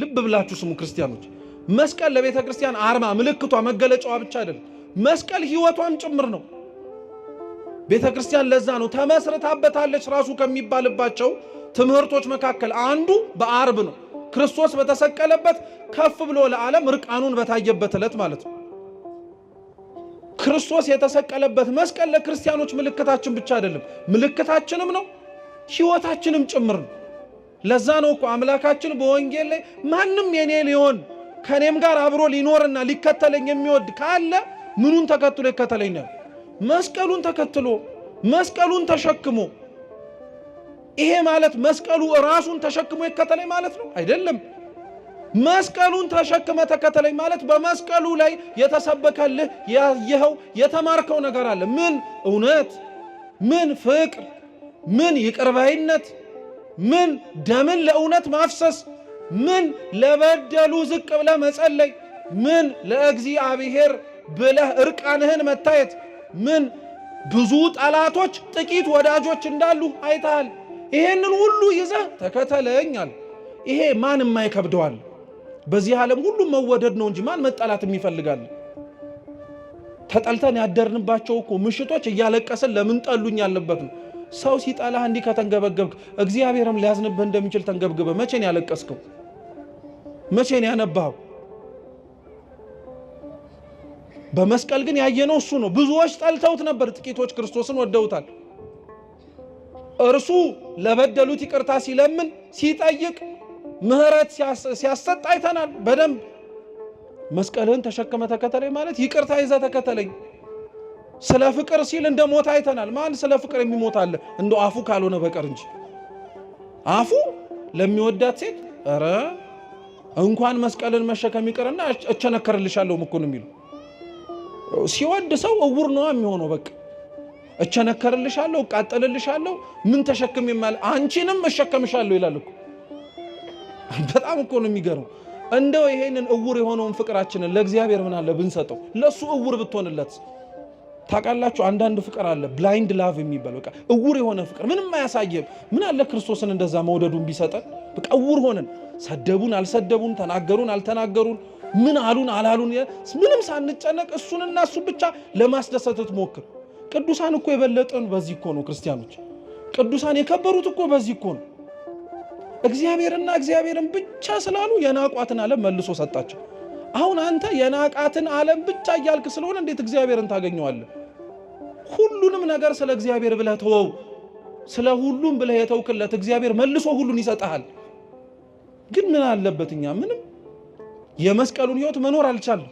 ልብ ብላችሁ ስሙ ክርስቲያኖች። መስቀል ለቤተ ክርስቲያን አርማ፣ ምልክቷ፣ መገለጫዋ ብቻ አይደለም። መስቀል ሕይወቷም ጭምር ነው። ቤተ ክርስቲያን ለዛ ነው ተመስርታበታለች። ራሱ ከሚባልባቸው ትምህርቶች መካከል አንዱ በአርብ ነው። ክርስቶስ በተሰቀለበት ከፍ ብሎ ለዓለም ርቃኑን በታየበት ዕለት ማለት ነው። ክርስቶስ የተሰቀለበት መስቀል ለክርስቲያኖች ምልክታችን ብቻ አይደለም፣ ምልክታችንም ነው፣ ሕይወታችንም ጭምር ነው። ለዛ ነው እኮ አምላካችን በወንጌል ላይ ማንም የኔ ሊሆን ከኔም ጋር አብሮ ሊኖርና ሊከተለኝ የሚወድ ካለ ምኑን ተከትሎ ይከተለኛል? መስቀሉን ተከትሎ መስቀሉን ተሸክሞ። ይሄ ማለት መስቀሉ ራሱን ተሸክሞ ይከተለኝ ማለት ነው አይደለም። መስቀሉን ተሸክመ ተከተለኝ ማለት በመስቀሉ ላይ የተሰበከልህ ያየኸው የተማርከው ነገር አለ። ምን እውነት፣ ምን ፍቅር፣ ምን ይቅርባይነት ምን ደምን ለእውነት ማፍሰስ፣ ምን ለበደሉ ዝቅ ብለህ መጸለይ፣ ምን ለእግዚአብሔር ብለህ እርቃንህን መታየት፣ ምን ብዙ ጠላቶች ጥቂት ወዳጆች እንዳሉ አይተሃል። ይሄንን ሁሉ ይዘህ ተከተለኛል። ይሄ ማን የማይከብደዋል? በዚህ ዓለም ሁሉም መወደድ ነው እንጂ ማን መጠላትም ይፈልጋል? ተጠልተን ያደርንባቸው እኮ ምሽቶች እያለቀስን ለምን ጠሉኝ ያለበት ነው። ሰው ሲጠላህ እንዲህ ከተንገበገብክ እግዚአብሔርም ሊያዝንብህ እንደሚችል ተንገብግበ። መቼን ያለቀስከው? መቼን ያነባኸው? በመስቀል ግን ያየነው እሱ ነው። ብዙዎች ጠልተውት ነበር፣ ጥቂቶች ክርስቶስን ወደውታል። እርሱ ለበደሉት ይቅርታ ሲለምን ሲጠይቅ ምሕረት ሲያሰጥ አይተናል። በደንብ መስቀልህን ተሸክመ ተከተለኝ ማለት ይቅርታ ይዘ ተከተለኝ ስለ ፍቅር ሲል እንደ ሞት አይተናል። ማን ስለ ፍቅር የሚሞት አለ? እንደ አፉ ካልሆነ በቀር እንጂ አፉ ለሚወዳት ሴት ኧረ እንኳን መስቀልን መሸከም ይቅርና እቸነከርልሻለሁ እኮ ነው የሚሉ። ሲወድ ሰው እውር ነዋ የሚሆነው። በቃ እቸነከርልሻለሁ፣ እቃጠልልሻለሁ፣ ምን ተሸክም ይማል አንቺንም እሸከምሻለሁ ይላል እኮ። በጣም እኮ ነው የሚገርመው። እንደው ይሄንን እውር የሆነውን ፍቅራችንን ለእግዚአብሔር ምን አለ ብንሰጠው፣ ለእሱ እውር ብትሆንለት ታውቃላችሁ አንዳንድ ፍቅር አለ ብላይንድ ላቭ የሚባል በቃ እውር የሆነ ፍቅር ምንም አያሳየም። ምን አለ ክርስቶስን እንደዛ መውደዱን ቢሰጠን። በቃ እውር ሆነን ሰደቡን አልሰደቡን፣ ተናገሩን አልተናገሩን፣ ምን አሉን አላሉን፣ ምንም ሳንጨነቅ እሱንና እሱ ብቻ ለማስደሰት ሞክር። ቅዱሳን እኮ የበለጠን በዚህ እኮ ነው ክርስቲያኖች፣ ቅዱሳን የከበሩት እኮ በዚህ እኮ ነው። እግዚአብሔርና እግዚአብሔርን ብቻ ስላሉ የናቋትን ዓለም መልሶ ሰጣቸው። አሁን አንተ የናቃትን ዓለም ብቻ እያልክ ስለሆነ እንዴት እግዚአብሔርን ታገኘዋለህ? ሁሉንም ነገር ስለ እግዚአብሔር ብለህ ተወው። ስለ ሁሉም ብለህ የተውክለት እግዚአብሔር መልሶ ሁሉን ይሰጠሃል። ግን ምን አለበት እኛ ምንም የመስቀሉን ህይወት መኖር አልቻለም።